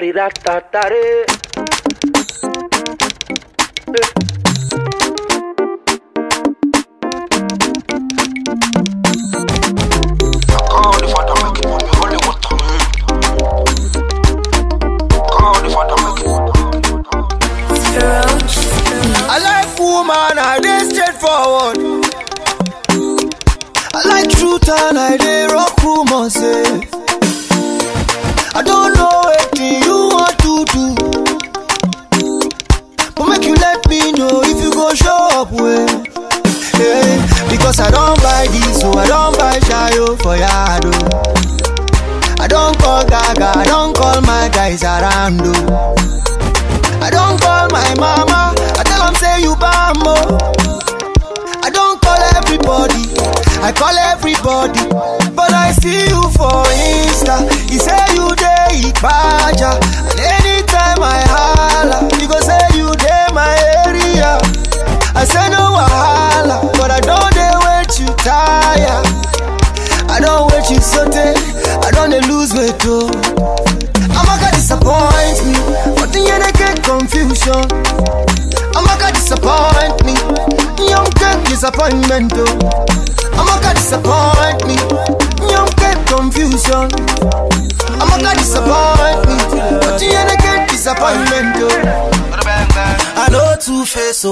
da ta I like woman, I straightforward. I like truth and I dare rock room. me know oh, if you go show up well. Hey, eh, because I don't buy this, so oh, I don't buy shayo for yado. Oh. I don't call Gaga, I don't call my guys around. I don't call my mama, I tell them say you bambo. I don't call everybody, I call everybody. But I see you for Insta, he say you dey Ibaja. fire. I don't wait you saute, I don't lose weight too. I'm gonna disappoint me, but the end I get confusion. I'm gonna disappoint me, young get disappointment too. I'm gonna disappoint me, young get confusion. I'm gonna disappoint me, but the end I get disappointment too. I know two face. Oh.